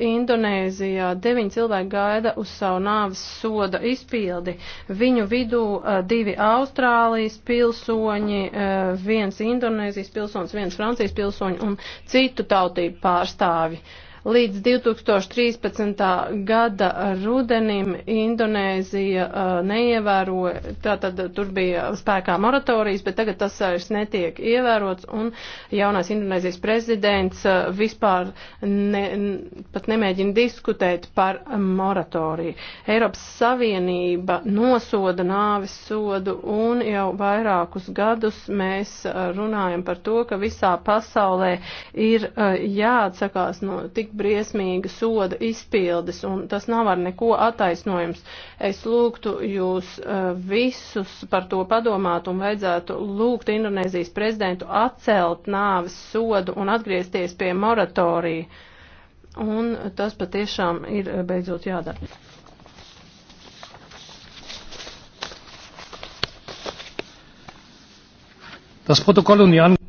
Indonēzijā deviņi cilvēki gaida uz savu nāves soda izpildi. Viņu vidū divi Austrālijas pilsoņi, viens Indonēzijas pilsonis, viens Francijas pilsoņi un citu tautību pārstāvi. Uh, Līdz 2013. gada rudenim Indonēzija neievēroja, tātad tur bija spēkā moratorijas, bet tagad tas vairs netiek ievērots un jaunais Indonēzijas prezidents vispār ne, pat nemēģina diskutēt par moratoriju. Eiropas Savienība nosoda nāvis sodu un jau vairākus gadus mēs runājam par to, ka visā pasaulē ir jāatsakās no tik briesmīga soda izpildes, un tas nav ar neko attaisnojums. Es lūgtu jūs eh, visus par to padomāt un vajadzētu lūgt Indonēzijas prezidentu atcelt nāves sodu un atgriezties pie moratorija. Un tas patiešām ir eh, beidzot jādara. Das Protokoll und die Angaben.